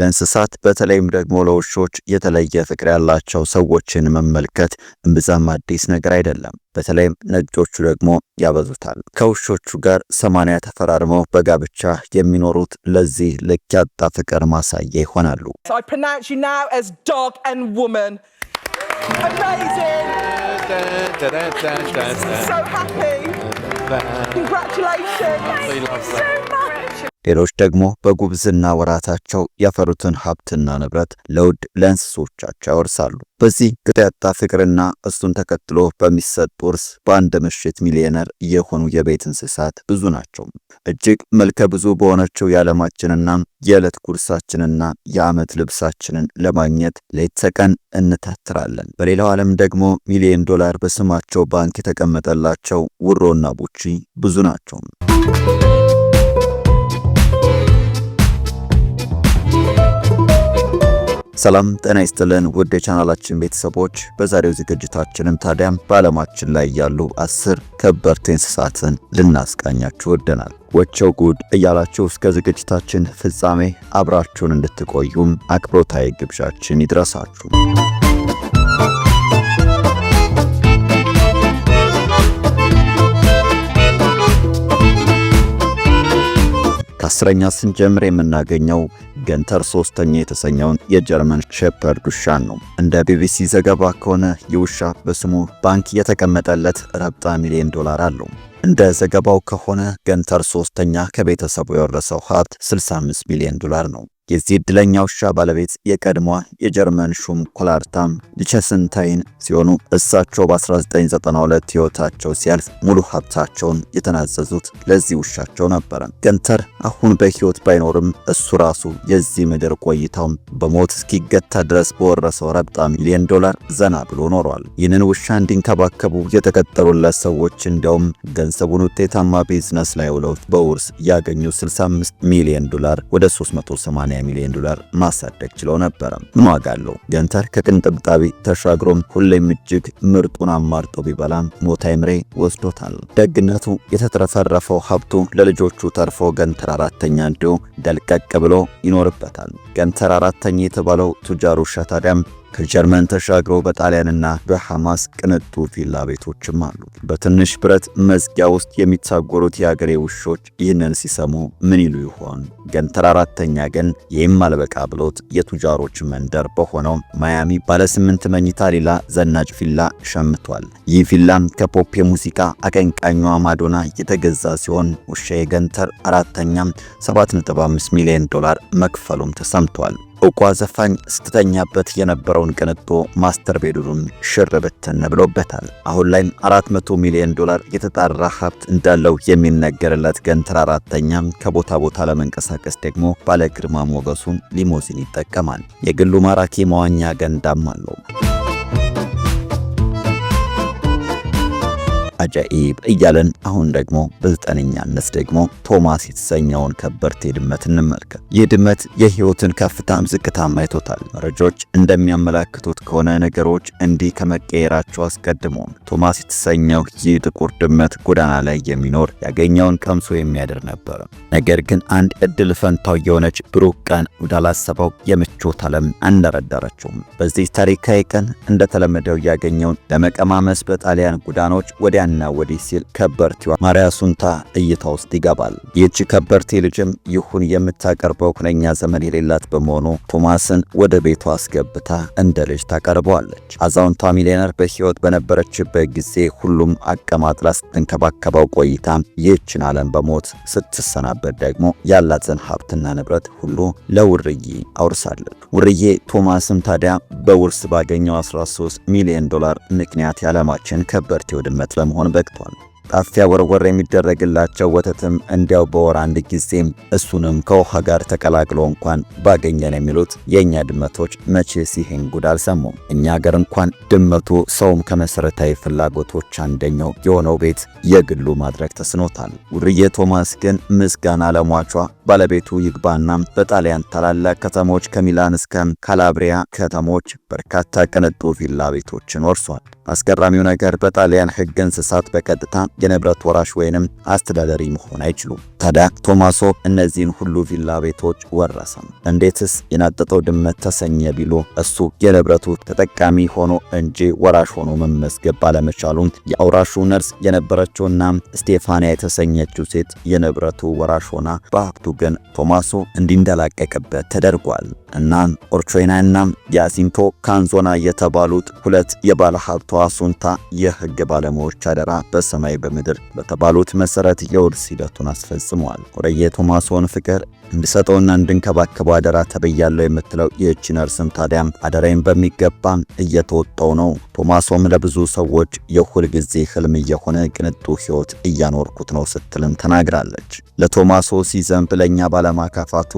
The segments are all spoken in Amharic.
ለእንስሳት በተለይም ደግሞ ለውሾች የተለየ ፍቅር ያላቸው ሰዎችን መመልከት እምብዛም አዲስ ነገር አይደለም። በተለይም ነጮቹ ደግሞ ያበዙታል። ከውሾቹ ጋር ሰማንያ ተፈራርመው በጋብቻ የሚኖሩት ለዚህ ልክ ያጣ ፍቅር ማሳያ ይሆናሉ። ሌሎች ደግሞ በጉብዝና ወራታቸው ያፈሩትን ሀብትና ንብረት ለውድ ለእንስሶቻቸው ያወርሳሉ። በዚህ ቅጥ ያጣ ፍቅርና እሱን ተከትሎ በሚሰጥ ውርስ በአንድ ምሽት ሚሊዮነር የሆኑ የቤት እንስሳት ብዙ ናቸው። እጅግ መልከ ብዙ በሆነችው የዓለማችንና የዕለት ጉርሳችንና የዓመት ልብሳችንን ለማግኘት ሌት ተቀን እንታትራለን። በሌላው ዓለም ደግሞ ሚሊዮን ዶላር በስማቸው ባንክ የተቀመጠላቸው ውሮና ቡቺ ብዙ ናቸው። ሰላም ጤና ይስጥልን ውድ የቻናላችን ቤተሰቦች፣ በዛሬው ዝግጅታችንም ታዲያም በዓለማችን ላይ ያሉ አስር ከበርቴ እንስሳትን ልናስቃኛችሁ ወደናል። ወቸው ጉድ እያላችሁ እስከ ዝግጅታችን ፍጻሜ አብራችሁን እንድትቆዩም አክብሮታዊ ግብዣችን ይድረሳችሁ። ከአስረኛ ስንጀምር የምናገኘው ገንተር ሶስተኛ የተሰኘውን የጀርመን ሼፐርድ ውሻን ነው። እንደ ቢቢሲ ዘገባ ከሆነ ይህ ውሻ በስሙ ባንክ የተቀመጠለት ረብጣ ሚሊዮን ዶላር አለው። እንደ ዘገባው ከሆነ ገንተር ሶስተኛ ከቤተሰቡ የወረሰው ሀብት 65 ሚሊዮን ዶላር ነው። የዚህ እድለኛ ውሻ ባለቤት የቀድሞዋ የጀርመን ሹም ኮላርታም ሊቸስንታይን ሲሆኑ እሳቸው በ1992 ሕይወታቸው ሲያልፍ ሙሉ ሀብታቸውን የተናዘዙት ለዚህ ውሻቸው ነበረ። ገንተር አሁን በሕይወት ባይኖርም እሱ ራሱ የዚህ ምድር ቆይታውም በሞት እስኪገታ ድረስ በወረሰው ረብጣ ሚሊዮን ዶላር ዘና ብሎ ኖሯል። ይህንን ውሻ እንዲንከባከቡ የተቀጠሩለት ሰዎች እንዲያውም ገንዘቡን ውጤታማ ቢዝነስ ላይ ውለውት በውርስ ያገኙ 65 ሚሊዮን ዶላር ወደ 380 80 ሚሊዮን ዶላር ማሳደግ ችሎ ነበረ። ምን ዋጋ አለው? ገንተር ከቅንጥብጣቢ ተሻግሮም ሁሌም እጅግ ምርጡን አማርጦ ቢበላም ሞታ ይምሬ ወስዶታል። ደግነቱ የተትረፈረፈው ሀብቱ ለልጆቹ ተርፎ ገንተር አራተኛ እንዲሁ ደልቀቅ ብሎ ይኖርበታል። ገንተር አራተኛ የተባለው ቱጃሩ ሻህ ታዲያም ከጀርመን ተሻግረው በጣሊያንና በሐማስ ቅንጡ ቪላ ቤቶችም አሉ። በትንሽ ብረት መዝጊያ ውስጥ የሚታጎሩት የአገሬ ውሾች ይህንን ሲሰሙ ምን ይሉ ይሆን? ገንተር አራተኛ ግን ይህም አልበቃ ብሎት የቱጃሮች መንደር በሆነው ማያሚ ባለ ስምንት መኝታ ሌላ ዘናጭ ቪላ ሸምቷል። ይህ ቪላም ከፖፕ የሙዚቃ አቀንቃኟ ማዶና የተገዛ ሲሆን ውሻ የገንተር አራተኛም 7.5 ሚሊዮን ዶላር መክፈሉም ተሰምቷል። እውቋ ዘፋኝ ስትተኛበት የነበረውን ቅንጦ ማስተር ቤድሩም ሽር ብትን ብሎበታል። አሁን ላይም 400 ሚሊዮን ዶላር የተጣራ ሀብት እንዳለው የሚነገርለት ገንትር አራተኛም ከቦታ ቦታ ለመንቀሳቀስ ደግሞ ባለግርማ ሞገሱን ሊሞዚን ይጠቀማል። የግሉ ማራኪ መዋኛ ገንዳም አለው። አጃኢብ እያለን አሁን ደግሞ በዘጠነኛነት ደግሞ ቶማስ የተሰኘውን ከበርቴ ድመት እንመልከት። ይህ ድመት የህይወትን ከፍታም ዝቅታም አይቶታል። መረጃዎች እንደሚያመላክቱት ከሆነ ነገሮች እንዲህ ከመቀየራቸው አስቀድሞ ቶማስ የተሰኘው ይህ ጥቁር ድመት ጎዳና ላይ የሚኖር ያገኘውን ቀምሶ የሚያድር ነበር። ነገር ግን አንድ እድል ፈንታው የሆነች ብሩህ ቀን ወዳላሰበው የምቾት ዓለም አነረደረችውም። በዚህ ታሪካዊ ቀን እንደተለመደው ያገኘውን ለመቀማመስ በጣሊያን ጎዳናዎች ወዲያ ወዲህና ወዲህ ሲል ከበርቲዋ ማርያ ሱንታ እይታ ውስጥ ይገባል። ይህች ከበርቲ ልጅም ይሁን የምታቀርበው ሁነኛ ዘመን የሌላት በመሆኑ ቶማስን ወደ ቤቷ አስገብታ እንደ ልጅ ታቀርበዋለች። አዛውንቷ ሚሊዮነር በህይወት በነበረችበት ጊዜ ሁሉም አቀማጥላ ስትንከባከበው ቆይታ ይህችን ዓለም በሞት ስትሰናበት ደግሞ ያላትን ሀብትና ንብረት ሁሉ ለውርዬ አውርሳለች። ውርዬ ቶማስም ታዲያ በውርስ ባገኘው 13 ሚሊዮን ዶላር ምክንያት የዓለማችን ከበርቴው ድመት ለመሆን አሁን በቅቷል። ጣፊያ ወርወር የሚደረግላቸው ወተትም እንዲያው በወር አንድ ጊዜም እሱንም ከውሃ ጋር ተቀላቅሎ እንኳን ባገኘን የሚሉት የእኛ ድመቶች መቼ ይህን ጉድ አልሰሙም። እኛ አገር እንኳን ድመቱ ሰውም ከመሠረታዊ ፍላጎቶች አንደኛው የሆነው ቤት የግሉ ማድረግ ተስኖታል። ውርዬ ቶማስ ግን ምስጋና ለሟቿ ባለቤቱ ይግባና በጣሊያን ታላላቅ ከተሞች ከሚላን እስከ ካላብሪያ ከተሞች በርካታ ቅንጡ ቪላ ቤቶችን ወርሷል። አስገራሚው ነገር በጣሊያን ሕግ እንስሳት በቀጥታ የንብረት ወራሽ ወይንም አስተዳደሪ መሆን አይችሉም። ታዲያ ቶማሶ እነዚህን ሁሉ ቪላ ቤቶች ወረሰም። እንዴትስ የናጠጠው ድመት ተሰኘ ቢሉ እሱ የንብረቱ ተጠቃሚ ሆኖ እንጂ ወራሽ ሆኖ መመዝገብ ባለመቻሉም የአውራሹ ነርስ የነበረችውና ስቴፋንያ የተሰኘችው ሴት የንብረቱ ወራሽ ሆና በሀብቱ ግን ቶማሶ እንዲንደላቀቅበት ተደርጓል። እናም ኦርቾይናና ያሲንቶ ካንዞና የተባሉት ሁለት የባለ ሀብቷ ሱንታ የህግ ባለሙያዎች አደራ በሰማይ በምድር በተባሉት መሰረት የውርስ ሂደቱን አስፈጽመዋል። ሆርዬ ቶማሶን ፍቅር እንድሰጠውና እንድንከባከበው አደራ ተበያለው የምትለው ይህች ነርስም ታዲያም አደራይን በሚገባ እየተወጣው ነው። ቶማሶም ለብዙ ሰዎች የሁል ጊዜ ህልም እየሆነ ቅንጡ ህይወት እያኖርኩት ነው ስትልም ተናግራለች። ለቶማሶ ሲዘንብ ለእኛ ባለማካፋቱ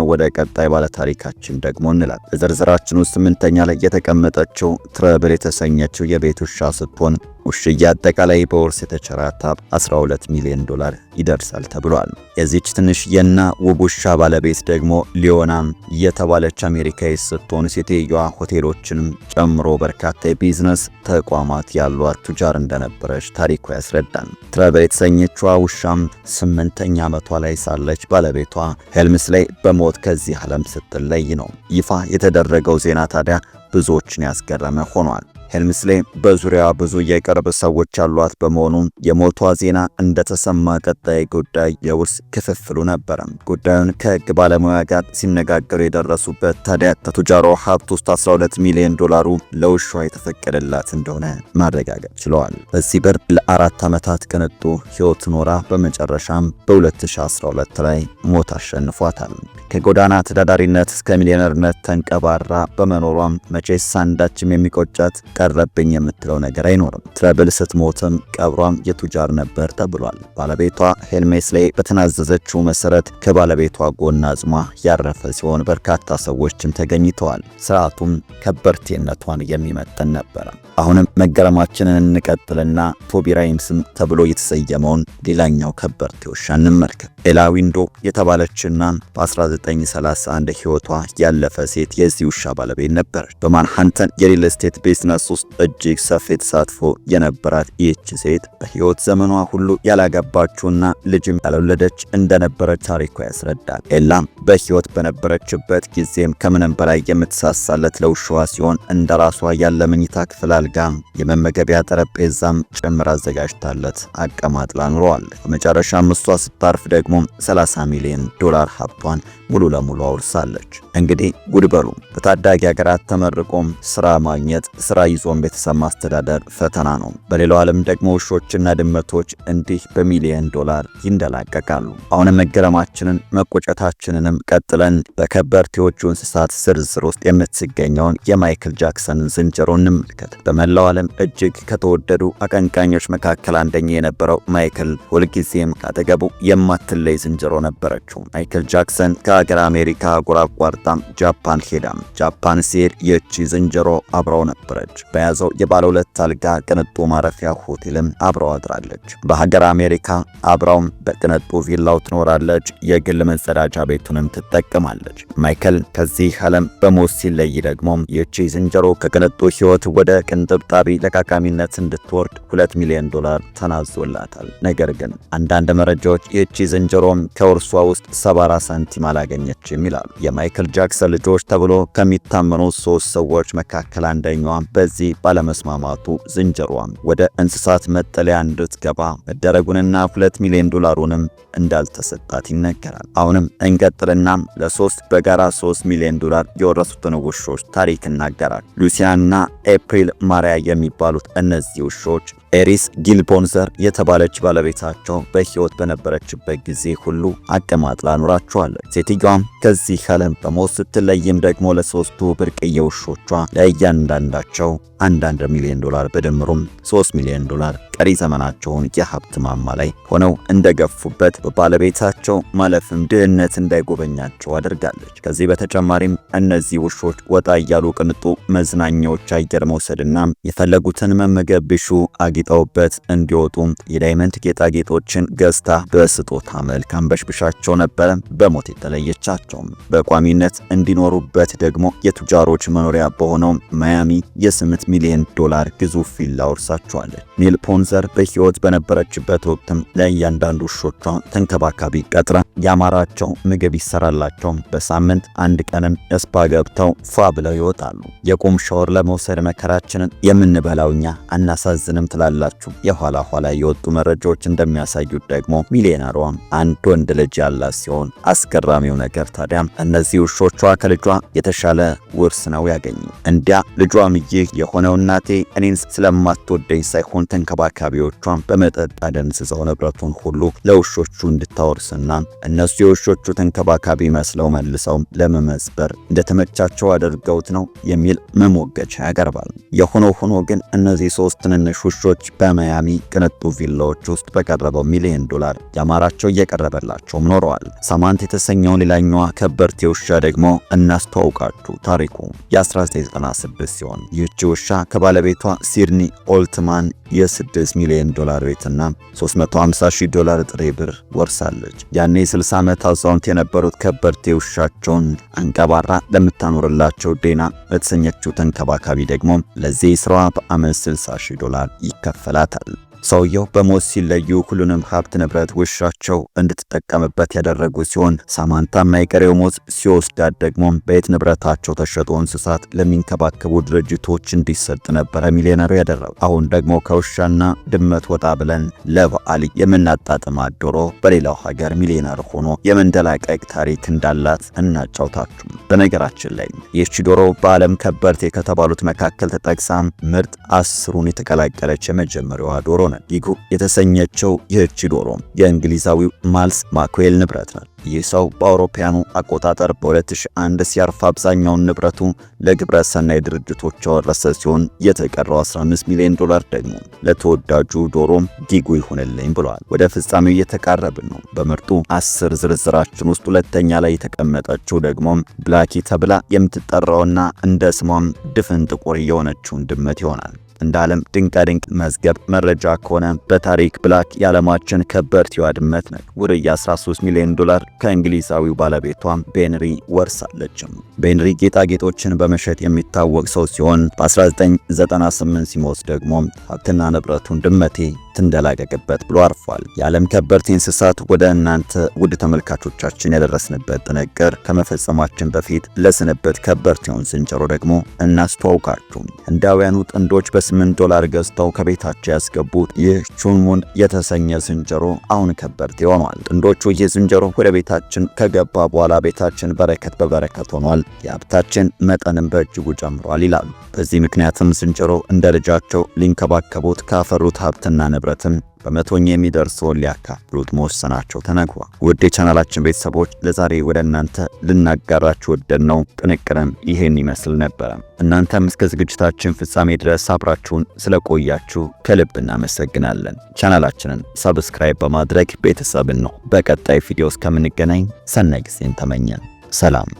ነው ወደ ቀጣይ ባለታሪካችን ደግሞ እንላል። በዝርዝራችን ውስጥ ስምንተኛ ላይ የተቀመጠችው ትረብል የተሰኘችው የቤት ውሻ ስትሆን ኩሽያ አጠቃላይ በወርስ የተቸራታ 12 ሚሊዮን ዶላር ይደርሳል ተብሏል። የዚች ትንሽዬና ውብ ውሻ ባለቤት ደግሞ ሊዮናም የተባለች አሜሪካዊ ስትሆን ሴትየዋ ሆቴሎችንም ጨምሮ በርካታ የቢዝነስ ተቋማት ያሏት ቱጃር እንደነበረች ታሪኩ ያስረዳል። ትረቨር የተሰኘችዋ ውሻም ስምንተኛ ዓመቷ ላይ ሳለች ባለቤቷ ሄልምስ ላይ በሞት ከዚህ ዓለም ስትለይ ነው ይፋ የተደረገው ዜና ታዲያ ብዙዎችን ያስገረመ ሆኗል። ሄልምስሌ በዙሪያዋ ብዙ የቅርብ ሰዎች ያሏት በመሆኑ የሞቷ ዜና እንደተሰማ ቀጣይ ጉዳይ የውርስ ክፍፍሉ ነበረ። ጉዳዩን ከህግ ባለሙያ ጋር ሲነጋገሩ የደረሱበት ታዲያ ከቱጃሮ ሀብት ውስጥ 12 ሚሊዮን ዶላሩ ለውሿ የተፈቀደላት እንደሆነ ማረጋገጥ ችለዋል። በዚህ ብር ለአራት ዓመታት ቅንጡ ህይወት ኖራ በመጨረሻም በ2012 ላይ ሞት አሸንፏታል። ከጎዳና ተዳዳሪነት እስከ ሚሊዮነርነት ተንቀባራ በመኖሯም መቼስ አንዳችም የሚቆጫት ቀረብኝ የምትለው ነገር አይኖርም። ትረብል ስትሞትም ቀብሯም የቱጃር ነበር ተብሏል። ባለቤቷ ሄልሜስ ላይ በተናዘዘችው መሰረት ከባለቤቷ ጎን አጽሟ ያረፈ ሲሆን በርካታ ሰዎችም ተገኝተዋል። ስርዓቱም ከበርቴነቷን የሚመጥን ነበረ። አሁንም መገረማችንን እንቀጥልና ቶቢራይምስም ተብሎ የተሰየመውን ሌላኛው ከበርቴ ውሻ እንመልከት። ኤላዊንዶ የተባለችና በ1931 ሕይወቷ ያለፈ ሴት የዚህ ውሻ ባለቤት ነበረች። በማንሃንተን የሪል ስቴት ቢዝነሱ ውስጥ እጅግ ሰፊ ተሳትፎ የነበራት ይህች ሴት በህይወት ዘመኗ ሁሉ ያላገባችውና ልጅም ያልወለደች እንደነበረች ታሪኳ ያስረዳል። ኤላም በህይወት በነበረችበት ጊዜም ከምንም በላይ የምትሳሳለት ለውሻዋ ሲሆን እንደ ራሷ ያለ መኝታ ክፍል አልጋም የመመገቢያ ጠረጴዛም ጭምር አዘጋጅታለት አቀማጥላ ኑረዋል። በመጨረሻም እሷ ስታርፍ ደግሞ 30 ሚሊዮን ዶላር ሀብቷን ሙሉ ለሙሉ አውርሳለች። እንግዲህ ጉድበሉ በታዳጊ ሀገራት ተመርቆም ስራ ማግኘት ስራ ይዞ ጾም ቤተሰብ ማስተዳደር ፈተና ነው። በሌላው ዓለም ደግሞ ውሾችና ድመቶች እንዲህ በሚሊየን ዶላር ይንደላቀቃሉ። አሁንም መገረማችንን መቆጨታችንንም ቀጥለን በከበርቴዎቹ እንስሳት ዝርዝር ውስጥ የምትገኘውን የማይክል ጃክሰንን ዝንጀሮ እንመልከት። በመላው ዓለም እጅግ ከተወደዱ አቀንቃኞች መካከል አንደኛ የነበረው ማይክል ሁልጊዜም ካጠገቡ የማትለይ ዝንጀሮ ነበረችው። ማይክል ጃክሰን ከአገር አሜሪካ አህጉር አቋርጣም ጃፓን ሄዳም። ጃፓን ሲሄድ ይህቺ ዝንጀሮ አብረው ነበረች። በያዘው የባለ ሁለት አልጋ ቅንጡ ማረፊያ ሆቴልም አብረው አድራለች። በሀገር አሜሪካ አብረውም በቅንጡ ቪላው ትኖራለች። የግል መጸዳጃ ቤቱንም ትጠቀማለች። ማይከል ከዚህ ዓለም በሞት ሲለይ ደግሞ ይቺ ዝንጀሮ ከቅንጡ ህይወት ወደ ቅንጥብጣቢ ለቃቃሚነት እንድትወርድ ሁለት ሚሊዮን ዶላር ተናዞላታል። ነገር ግን አንዳንድ መረጃዎች ይቺ ዝንጀሮም ከውርሷ ውስጥ 74 ሳንቲም አላገኘችም ይላሉ። የማይክል ጃክሰን ልጆች ተብሎ ከሚታመኑ ሶስት ሰዎች መካከል አንደኛዋ በዚህ በዚህ ባለመስማማቱ ዝንጀሮዋም ወደ እንስሳት መጠለያ እንድትገባ መደረጉንና ሁለት ሚሊዮን ዶላሩንም እንዳልተሰጣት ይነገራል። አሁንም እንቀጥልና ለሶስት በጋራ 3 ሚሊዮን ዶላር የወረሱትን ውሾች ታሪክ ይናገራል። ሉሲያና ኤፕሪል ማሪያ የሚባሉት እነዚህ ውሾች ኤሪስ ጊልቦንዘር የተባለች ባለቤታቸው በሕይወት በነበረችበት ጊዜ ሁሉ አቀማጥላ ኑራቸዋለች። ሴትዮዋም ከዚህ ዓለም በሞት ስትለይም ደግሞ ለሶስቱ ብርቅዬ ውሾቿ ለእያንዳንዳቸው አንዳንድ ሚሊዮን ዶላር በድምሩም 3 ሚሊዮን ዶላር ቀሪ ዘመናቸውን የሀብት ማማ ላይ ሆነው እንደገፉበት በባለቤታቸው ማለፍም ድህነት እንዳይጎበኛቸው አድርጋለች። ከዚህ በተጨማሪም እነዚህ ውሾች ወጣ እያሉ ቅንጡ መዝናኛዎች፣ አየር መውሰድና የፈለጉትን መመገብ ቢሹ አጊ አጊጠውበት እንዲወጡ የዳይመንድ ጌጣጌጦችን ገዝታ በስጦታ መልክ አንበሽብሻቸው ነበረ በሞት የተለየቻቸውም። በቋሚነት እንዲኖሩበት ደግሞ የቱጃሮች መኖሪያ በሆነው ማያሚ የ8 ሚሊዮን ዶላር ግዙፍ ቪላ ወርሳቸዋለች። ኒል ፖንዘር በሕይወት በነበረችበት ወቅትም ለእያንዳንዱ ውሾቿ ተንከባካቢ ቀጥራ ያማራቸው ምግብ ይሰራላቸው። በሳምንት አንድ ቀንም እስፓ ገብተው ፏ ብለው ይወጣሉ። የቁም ሻወር ለመውሰድ መከራችንን የምንበላው እኛ አናሳዝንም ትላላችሁ። የኋላ ኋላ የወጡ መረጃዎች እንደሚያሳዩት ደግሞ ሚሊዮነሯም አንድ ወንድ ልጅ ያላት ሲሆን አስገራሚው ነገር ታዲያም እነዚህ ውሾቿ ከልጇ የተሻለ ውርስ ነው ያገኙ። እንዲያ ልጇ ምይህ የሆነው እናቴ እኔን ስለማትወደኝ ሳይሆን ተንከባካቢዎቿ በመጠጥ አደንዝዘው ንብረቱን ሁሉ ለውሾቹ እንድታወርስና እነሱ የውሾቹ ተንከባካቢ መስለው መልሰው ለመመዝበር እንደተመቻቸው አድርገውት ነው የሚል መሞገቻ ያቀርባል። የሆኖ ሆኖ ግን እነዚህ ሶስት ትንንሽ ውሾች በማያሚ ቅንጡ ቪላዎች ውስጥ በቀረበው ሚሊዮን ዶላር ያማራቸው እየቀረበላቸውም ኖረዋል። ሳማንት የተሰኘው ሌላኛዋ ከበርቴ ውሻ ደግሞ እናስተዋውቃችሁ። ታሪኩ የ1996 ሲሆን ይህቺ ውሻ ከባለቤቷ ሲድኒ ኦልትማን የ6 ሚሊዮን ዶላር ቤትና 350 ዶላር ጥሬ ብር ወርሳለች። ያኔ የ60 ዓመት አዛውንት የነበሩት ከበርቴ ውሻቸውን አንቀባራ ለምታኖርላቸው ዴና ለተሰኘችው ተንከባካቢ ደግሞ ለዚህ ስራዋ በዓመት 60 ሺህ ዶላር ይከፈላታል። ሰውየው በሞት ሲለዩ ሁሉንም ሀብት ንብረት ውሻቸው እንድትጠቀምበት ያደረጉ ሲሆን ሳማንታ የቀሬው ሞት ሲወስዳት ደግሞ በየት ንብረታቸው ተሸጦ እንስሳት ለሚንከባከቡ ድርጅቶች እንዲሰጥ ነበረ ሚሊዮነሩ ያደረጉ። አሁን ደግሞ ከውሻና ድመት ወጣ ብለን ለበዓል የምናጣጥማት ዶሮ በሌላው ሀገር ሚሊዮነር ሆኖ የመንደላቀቅ ታሪክ እንዳላት እናጫውታችሁ። በነገራችን ላይ ይህቺ ዶሮ በዓለም ከበርቴ ከተባሉት መካከል ተጠቅሳም ምርጥ አስሩን የተቀላቀለች የመጀመሪያዋ ዶሮ ነው። ሆነ ቢጉ የተሰኘችው ይህች ዶሮ የእንግሊዛዊው ማልስ ማክዌል ንብረት ናት። ይህ ሰው በአውሮፓውያኑ አቆጣጠር በ2001 ሲያርፍ አብዛኛውን ንብረቱ ለግብረ ሰናይ ድርጅቶች ያወረሰ ሲሆን የተቀረው 15 ሚሊዮን ዶላር ደግሞ ለተወዳጁ ዶሮም ዲጉ ይሁንልኝ ብለዋል። ወደ ፍጻሜው እየተቃረብን ነው። በምርጡ አስር ዝርዝራችን ውስጥ ሁለተኛ ላይ የተቀመጠችው ደግሞ ብላኪ ተብላ የምትጠራውና እንደ ስሟም ድፍን ጥቁር የሆነችውን ድመት ይሆናል። እንደ ዓለም ድንቃድንቅ መዝገብ መረጃ ከሆነ በታሪክ ብላክ የዓለማችን ከበርቴዋ ድመት ነች። ውድ የ13 ሚሊዮን ዶላር ከእንግሊዛዊው ባለቤቷ ቤንሪ ወርሳለችም። ቤንሪ ጌጣጌጦችን በመሸጥ የሚታወቅ ሰው ሲሆን በ1998 ሲሞት ደግሞ ሀብትና ንብረቱን ድመቴ ትንደላቀቅበት ብሎ አርፏል። የዓለም ከበርቴ እንስሳት ወደ እናንተ ውድ ተመልካቾቻችን ያደረስንበት ጥንቅር ከመፈጸማችን በፊት ለስንበት ከበርቴውን ስንጨሮ ደግሞ እናስተዋውቃችሁ። ህንዳውያኑ ጥንዶች በስ 8 ዶላር ገዝተው ከቤታቸው ያስገቡት ይህ ቹንሙን የተሰኘ ዝንጀሮ አሁን ከበርቴ ሆኗል። ጥንዶቹ ይህ ዝንጀሮ ወደ ቤታችን ከገባ በኋላ ቤታችን በረከት በበረከት ሆኗል፣ የሀብታችን መጠንም በእጅጉ ጨምሯል ይላሉ። በዚህ ምክንያትም ዝንጀሮ እንደ ልጃቸው ሊንከባከቡት ካፈሩት ሀብትና ንብረትም በመቶኛ የሚደርሰውን ሊያካፍሉት መወሰናቸው ተነግሯል። ውድ የቻናላችን ቤተሰቦች ለዛሬ ወደ እናንተ ልናጋራችሁ ወደን ነው ጥንቅርም ይህን ይመስል ነበረ። እናንተም እስከ ዝግጅታችን ፍጻሜ ድረስ አብራችሁን ስለቆያችሁ ከልብ እናመሰግናለን። ቻናላችንን ሰብስክራይብ በማድረግ ቤተሰብን ነው። በቀጣይ ቪዲዮ እስከምንገናኝ ሰናይ ጊዜን ተመኘን። ሰላም